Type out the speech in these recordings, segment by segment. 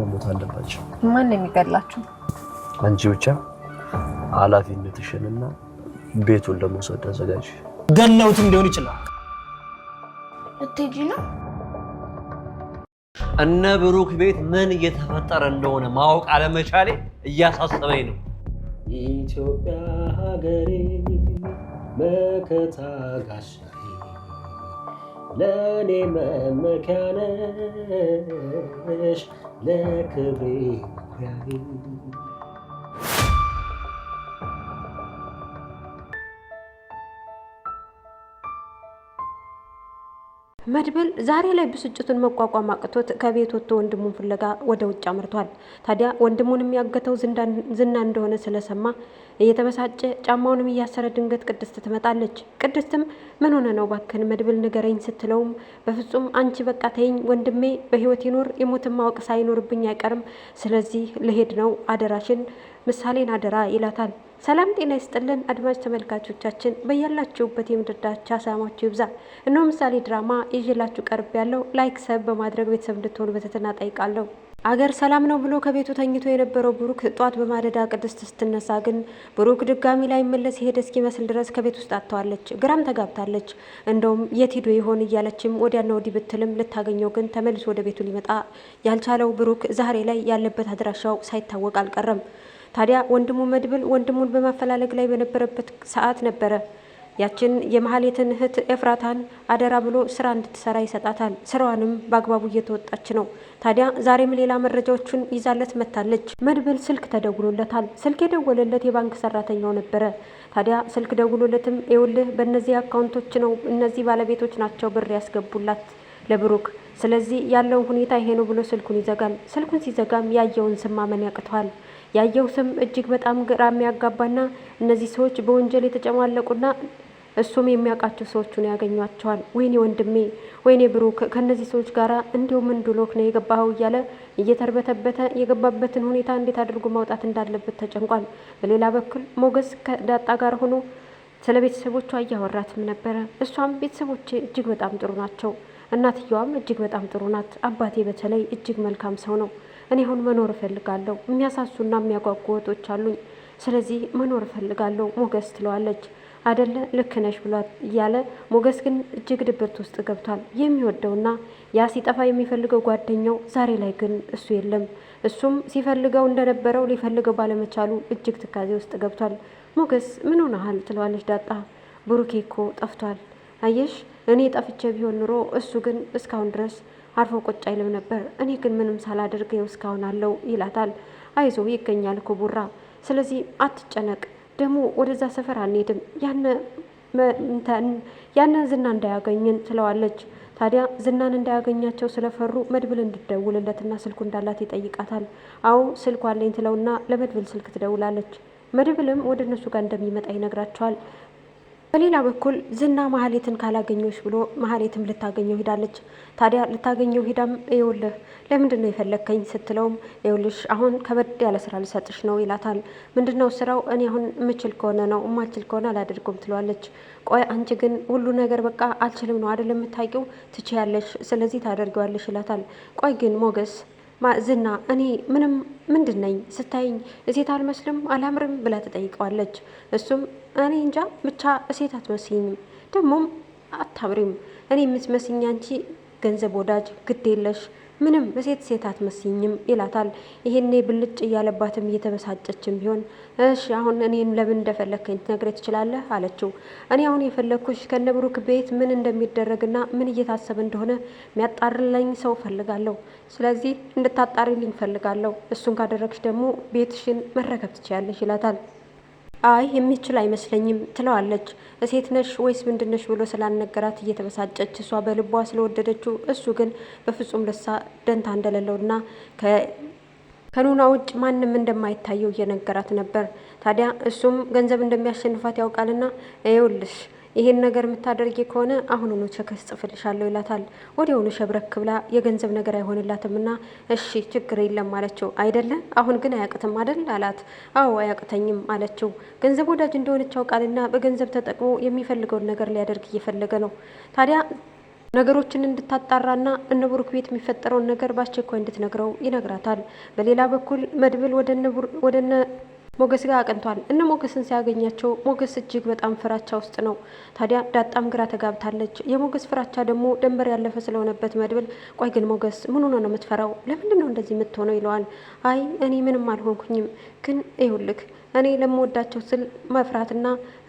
መሞት አለባቸው። ማን ነው የሚገድላቸው? አንቺ ብቻ ኃላፊነትሽንና ቤቱን ለመውሰድ አዘጋጅ። ገለውትም ሊሆን ይችላል። እትጂ ነው እነ ብሩክ ቤት ምን እየተፈጠረ እንደሆነ ማወቅ አለመቻሌ እያሳሰበኝ ነው። ኢትዮጵያ ሀገሬ መከታ ጋሻ ለእኔ መመኪያ ነሽ ለክብሬ መድብል ዛሬ ላይ ብስጭቱን መቋቋም አቅቶት ከቤት ወጥቶ ወንድሙን ፍለጋ ወደ ውጭ አምርቷል። ታዲያ ወንድሙን የሚያገተው ዝና እንደሆነ ስለሰማ እየተበሳጨ ጫማውንም እያሰረ ድንገት ቅድስት ትመጣለች። ቅድስትም ምን ሆነ ነው ባክን መድብል ንገረኝ ስትለውም በፍጹም አንቺ በቃ ተይኝ ወንድሜ በህይወት ይኖር የሞትን ማወቅ ሳይኖርብኝ አይቀርም። ስለዚህ ልሄድ ነው አደራሽን ምሳሌን አደራ ይላታል። ሰላም ጤና ይስጥልን አድማጭ ተመልካቾቻችን በያላችሁበት የምድር ዳርቻ ሰላማችሁ ይብዛ። እነሆ ምሳሌ ድራማ ይዤላችሁ ቀርብ ያለው ላይክ ሰብ በማድረግ ቤተሰብ እንድትሆኑ በትህትና ጠይቃለሁ። አገር ሰላም ነው ብሎ ከቤቱ ተኝቶ የነበረው ብሩክ ጧት በማለዳ ቅድስት ስትነሳ ግን ብሩክ ድጋሚ ላይ መለስ የሄደ እስኪመስል ድረስ ከቤት ውስጥ አጥተዋለች። ግራም ተጋብታለች። እንደውም የት ይሆን እያለችም ወዲያና ወዲህ ብትልም ልታገኘው ግን ተመልሶ ወደ ቤቱ ሊመጣ ያልቻለው ብሩክ ዛሬ ላይ ያለበት አድራሻው ሳይታወቅ አልቀረም። ታዲያ ወንድሙ መድብል ወንድሙን በማፈላለግ ላይ በነበረበት ሰዓት ነበረ ያችን የመሀሌትን እህት ኤፍራታን አደራ ብሎ ስራ እንድትሰራ ይሰጣታል። ስራዋንም በአግባቡ እየተወጣች ነው። ታዲያ ዛሬም ሌላ መረጃዎችን ይዛለት መታለች። መድብል ስልክ ተደውሎለታል። ስልክ የደወለለት የባንክ ሰራተኛው ነበረ። ታዲያ ስልክ ደውሎለትም ይኸውልህ በእነዚህ አካውንቶች ነው እነዚህ ባለቤቶች ናቸው ብር ያስገቡላት ለብሩክ ስለዚህ ያለውን ሁኔታ ይሄ ነው ብሎ ስልኩን ይዘጋል። ስልኩን ሲዘጋም ያየውን ስማመን ያቅተዋል። ያየው ስም እጅግ በጣም ግራ የሚያጋባና እነዚህ ሰዎች በወንጀል የተጨማለቁና እሱም የሚያውቃቸው ሰዎቹን ያገኟቸዋል። ወይኔ ወንድሜ፣ ወይኔ ብሩክ፣ ከእነዚህ ሰዎች ጋር እንዲሁ ምን ዱሎክ ነው የገባኸው? እያለ እየተርበተበተ የገባበትን ሁኔታ እንዴት አድርጎ ማውጣት እንዳለበት ተጨንቋል። በሌላ በኩል ሞገስ ከዳጣ ጋር ሆኖ ስለ ቤተሰቦቿ እያወራትም ነበረ። እሷም ቤተሰቦቼ እጅግ በጣም ጥሩ ናቸው፣ እናትየዋም እጅግ በጣም ጥሩ ናት፣ አባቴ በተለይ እጅግ መልካም ሰው ነው እኔ አሁን መኖር እፈልጋለሁ። የሚያሳሱና የሚያጓጉ ወጦች አሉኝ። ስለዚህ መኖር እፈልጋለሁ ሞገስ ትለዋለች። አደለ ልክ ነሽ ብሏት እያለ ሞገስ ግን እጅግ ድብርት ውስጥ ገብቷል። የሚወደውና ያ ሲጠፋ የሚፈልገው ጓደኛው ዛሬ ላይ ግን እሱ የለም። እሱም ሲፈልገው እንደነበረው ሊፈልገው ባለመቻሉ እጅግ ትካዜ ውስጥ ገብቷል። ሞገስ ምን ሆነሃል ትለዋለች ዳጣ። ብሩኬ እኮ ጠፍቷል። አየሽ እኔ ጠፍቼ ቢሆን ኑሮ እሱ ግን እስካሁን ድረስ አርፎ ቁጭ አይልም ነበር። እኔ ግን ምንም ሳላደርግ ይኸው እስካሁን አለው ይላታል። አይዞ ይገኛል እኮ ቡራ፣ ስለዚህ አትጨነቅ። ደግሞ ወደዛ ሰፈር አንሄድም ያንን ዝና እንዳያገኝን ትለዋለች። ታዲያ ዝናን እንዳያገኛቸው ስለፈሩ መድብል እንድደውልለትና ስልኩ እንዳላት ይጠይቃታል። አዎ ስልኩ አለኝ ትለውና ለመድብል ስልክ ትደውላለች። መድብልም ወደ እነሱ ጋር እንደሚመጣ ይነግራቸዋል። በሌላ በኩል ዝና ማህሌትን ካላገኘች ብሎ ማህሌትም ልታገኘው ሄዳለች። ታዲያ ልታገኘው ሄዳም ይኸውልህ ለምንድን ነው የፈለግከኝ ስትለውም ይኸውልሽ አሁን ከበድ ያለ ስራ ልሰጥሽ ነው ይላታል። ምንድን ነው ስራው? እኔ አሁን የምችል ከሆነ ነው እማችል ከሆነ አላደርገውም ትለዋለች። ቆይ አንቺ ግን ሁሉ ነገር በቃ አልችልም ነው አይደል የምታውቂው? ትችያለሽ፣ ስለዚህ ታደርገዋለሽ ይላታል። ቆይ ግን ሞገስ ዝና እኔ ምንም ምንድን ነኝ ስታይኝ እሴት አልመስልም አላምርም ብላ ትጠይቀዋለች። እሱም እኔ እንጃ ብቻ እሴት አትመስኝም ደግሞም አታምሪም። እኔ የምትመስኝ አንቺ ገንዘብ ወዳጅ ግድ የለሽ ምንም ሴት ሴት አትመስኝም ይላታል። ይሄኔ ብልጭ እያለባትም እየተበሳጨችም ቢሆን እሺ አሁን እኔን ለምን እንደፈለግከኝ ትነግረኝ ትችላለህ አለችው። እኔ አሁን የፈለግኩሽ ከነብሩክ ቤት ምን እንደሚደረግና ምን እየታሰበ እንደሆነ የሚያጣርልኝ ሰው ፈልጋለሁ። ስለዚህ እንድታጣሪልኝ ፈልጋለሁ። እሱን ካደረግሽ ደግሞ ቤትሽን መረከብ ትችያለሽ ይላታል። አይ የሚችል አይመስለኝም ትለዋለች። ሴት ነሽ ወይስ ምንድነሽ ብሎ ስላልነገራት እየተበሳጨች እሷ በልቧ ስለወደደችው እሱ ግን በፍጹም ለሳ ደንታ እንደሌለውና ከኑና ውጭ ማንም እንደማይታየው እየነገራት ነበር። ታዲያ እሱም ገንዘብ እንደሚያሸንፋት ያውቃልና ይውልሽ ይሄን ነገር የምታደርጊ ከሆነ አሁኑኑ ቸክስ ጽፍልሻለሁ ይላታል። ወዲያውኑ ሸብረክ ብላ የገንዘብ ነገር አይሆንላትምና እሺ ችግር የለም አለችው። አይደለ አሁን ግን አያቅትም አደል አላት። አዎ አያቅተኝም አለችው። ገንዘብ ወዳጅ እንደሆነች ቃልና በገንዘብ ተጠቅሞ የሚፈልገውን ነገር ሊያደርግ እየፈለገ ነው። ታዲያ ነገሮችን እንድታጣራና እነ ቤት የሚፈጠረውን ነገር በአስቸኳይ እንድትነግረው ይነግራታል። በሌላ በኩል መድብል ወደ ሞገስ ጋር አቅንቷል። እነ ሞገስን ሲያገኛቸው ሞገስ እጅግ በጣም ፍራቻ ውስጥ ነው። ታዲያ ዳጣም ግራ ተጋብታለች። የሞገስ ፍራቻ ደግሞ ደንበር ያለፈ ስለሆነበት መድብል ቆይ ግን ሞገስ ምን ሆኖ ነው የምትፈራው? ለምንድን ነው እንደዚህ የምትሆነው? ይለዋል። አይ እኔ ምንም አልሆንኩኝም፣ ግን ይኸውልህ እኔ ለምወዳቸው ስል መፍራትና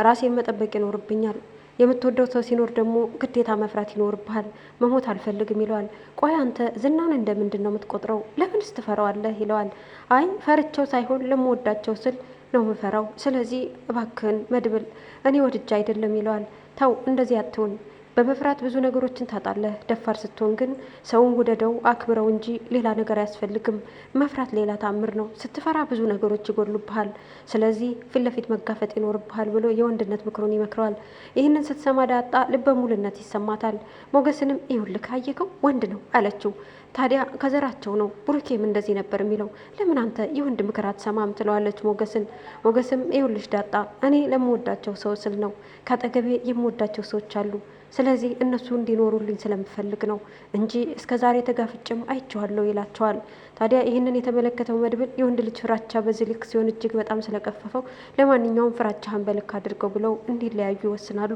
ራሴን መጠበቅ ይኖርብኛል። የምትወደው ሰው ሲኖር ደግሞ ግዴታ መፍራት ይኖርብሃል። መሞት አልፈልግም ይለዋል። ቆይ አንተ ዝናን እንደምንድን ነው የምትቆጥረው? ለምንስ ትፈራዋለህ? ይለዋል። አይ ፈርቸው ሳይሆን ለምወዳቸው ስል ነው ምፈራው ስለዚህ እባክህን መድብል፣ እኔ ወድጃ አይደለም ይለዋል። ተው እንደዚህ አትሁን በመፍራት ብዙ ነገሮችን ታጣለህ። ደፋር ስትሆን ግን ሰውን ውደደው፣ አክብረው እንጂ ሌላ ነገር አያስፈልግም። መፍራት ሌላ ታምር ነው። ስትፈራ ብዙ ነገሮች ይጎሉብሃል። ስለዚህ ፊት ለፊት መጋፈጥ ይኖርብሃል ብሎ የወንድነት ምክሩን ይመክረዋል። ይህንን ስትሰማ ዳጣ ልበ ሙሉነት ይሰማታል። ሞገስንም ይኸውልህ አየከው ወንድ ነው አለችው። ታዲያ ከዘራቸው ነው። ብሩኬም እንደዚህ ነበር የሚለው። ለምን አንተ የወንድ ምክር አትሰማም? ትለዋለች ሞገስን። ሞገስም ይኸውልሽ ዳጣ፣ እኔ ለምወዳቸው ሰው ስል ነው። ከአጠገቤ የምወዳቸው ሰዎች አሉ። ስለዚህ እነሱ እንዲኖሩልኝ ስለምፈልግ ነው እንጂ እስከ ዛሬ ተጋፍጭም አይቼዋለሁ ይላቸዋል። ታዲያ ይህንን የተመለከተው መድብል የወንድ ልጅ ፍራቻ በዚህ ልክ ሲሆን እጅግ በጣም ስለቀፈፈው፣ ለማንኛውም ፍራቻህን በልክ አድርገው ብለው እንዲለያዩ ይወስናሉ።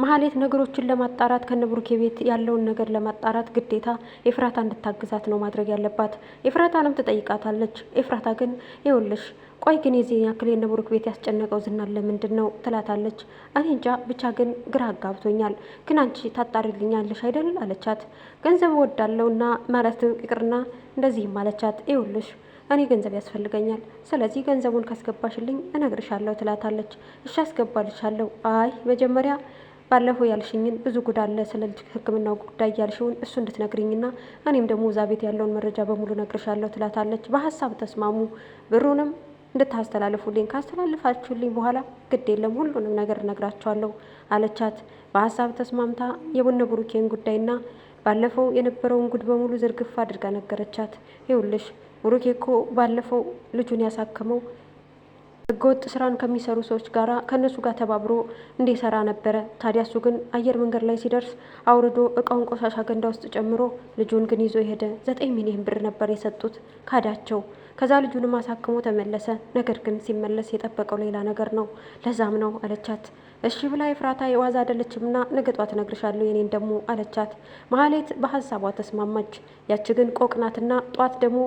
መሀሌት ነገሮችን ለማጣራት ከነብሩኬ ቤት ያለውን ነገር ለማጣራት ግዴታ ኤፍራታ እንድታግዛት ነው ማድረግ ያለባት። ኤፍራታንም ትጠይቃታለች። ኤፍራታ ግን ይኸውልሽ ቆይ ግን የዚህን ያክል የነብሩክ ቤት ያስጨነቀው ዝናን ለምንድን ነው ትላታለች። እኔ እንጃ ብቻ ግን ግራ አጋብቶኛል። ግን አንቺ ታጣሪልኛለሽ አይደል አለቻት። ገንዘብ ወዳለውና ማለት ይቅርና እንደዚህም አለቻት። ይኸውልሽ እኔ ገንዘብ ያስፈልገኛል፣ ስለዚህ ገንዘቡን ካስገባሽልኝ እነግርሻለሁ ትላታለች። እሺ አስገባልሻለሁ። አይ መጀመሪያ ባለፈው ያልሽኝን ብዙ ጉዳ አለ ስለ ልጅ ሕክምናው ጉዳይ ያልሽውን እሱ እንድትነግርኝና እኔም ደግሞ እዛ ቤት ያለውን መረጃ በሙሉ ነግርሻለሁ ትላታለች። በሀሳብ ተስማሙ። ብሩንም እንድታስተላልፉልኝ ካስተላልፋችሁልኝ በኋላ ግድ የለም ሁሉንም ነገር እነግራቸዋለሁ አለቻት። በሀሳብ ተስማምታ የቡነ ብሩኬን ጉዳይና ባለፈው የነበረውን ጉድ በሙሉ ዝርግፍ አድርጋ ነገረቻት። ይውልሽ ብሩኬ እኮ ባለፈው ልጁን ያሳከመው ህገወጥ ስራን ከሚሰሩ ሰዎች ጋር ከእነሱ ጋር ተባብሮ እንዲሰራ ነበረ። ታዲያ እሱ ግን አየር መንገድ ላይ ሲደርስ አውርዶ እቃውን ቆሻሻ ገንዳ ውስጥ ጨምሮ ልጁን ግን ይዞ ሄደ። ዘጠኝ ሚሊዮን ብር ነበር የሰጡት፣ ካዳቸው። ከዛ ልጁንም አሳክሞ ተመለሰ። ነገር ግን ሲመለስ የጠበቀው ሌላ ነገር ነው። ለዛም ነው አለቻት። እሺ ብላ የፍራታ የዋዛ አይደለችምና ነገ ጧት እነግርሻለሁ የኔን ደግሞ አለቻት። መሀሌት በሀሳቧ ተስማማች። ያች ግን ቆቅናትና ጧት ደግሞ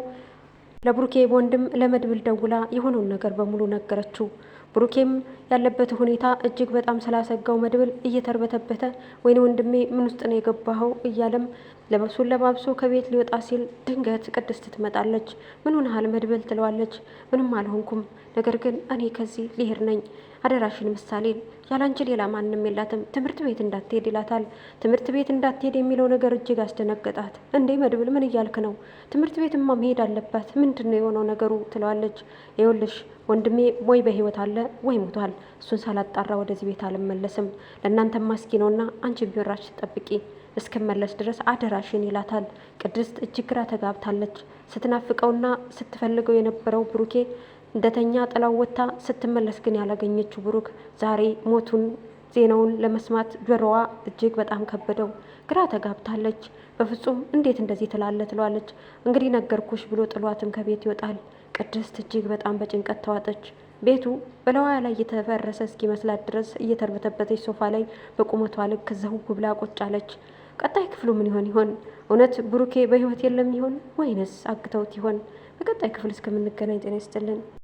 ለብሩኬ ወንድም ለመድብል ደውላ የሆነውን ነገር በሙሉ ነገረችው። ብሩኬም ያለበት ሁኔታ እጅግ በጣም ስላሰጋው መድብል እየተርበተበተ ወይኔ ወንድሜ ምን ውስጥ ነው የገባኸው እያለም ልብሱን ለባብሶ ከቤት ሊወጣ ሲል ድንገት ቅድስት ትመጣለች። ምን ሆነሃል መድብል ትለዋለች። ምንም አልሆንኩም፣ ነገር ግን እኔ ከዚህ ልሄድ ነኝ፣ አደራሽን ምሳሌ ያላንቺ ሌላ ማንም የላትም፣ ትምህርት ቤት እንዳትሄድ ይላታል። ትምህርት ቤት እንዳትሄድ የሚለው ነገር እጅግ አስደነገጣት። እንዴ መድብል ምን እያልክ ነው? ትምህርት ቤትማ መሄድ አለባት። ምንድን ነው የሆነው ነገሩ? ትለዋለች። ይኸውልሽ ወንድሜ ወይ በህይወት አለ ወይ ሞቷል። እሱን ሳላጣራ ወደዚህ ቤት አልመለስም። ለእናንተ ማስኪ ነውና አንቺ ቢወራሽ ጠብቂ እስክመለስ ድረስ አደራሽን ይላታል። ቅድስት እጅግ ግራ ተጋብታለች። ስትናፍቀውና ስትፈልገው የነበረው ብሩኬ እንደተኛ ጥላው ወጥታ ስትመለስ ግን ያላገኘችው ብሩክ ዛሬ ሞቱን ዜናውን ለመስማት ጆሮዋ እጅግ በጣም ከበደው። ግራ ተጋብታለች። በፍጹም እንዴት እንደዚህ ትላለህ ትሏለች እንግዲህ ነገርኩሽ ብሎ ጥሏትም ከቤት ይወጣል። ቅድስት እጅግ በጣም በጭንቀት ተዋጠች። ቤቱ በለዋያ ላይ የተፈረሰ እስኪመስላት ድረስ እየተርበተበተች ሶፋ ላይ በቁመቷ ልክ ዘው ብላ ቆጫለች። ቀጣይ ክፍሉ ምን ይሆን ይሆን? እውነት ብሩኬ በህይወት የለም ይሆን? ወይንስ አግተውት ይሆን? በቀጣይ ክፍል እስከምንገናኝ ጤና ይስጥልን።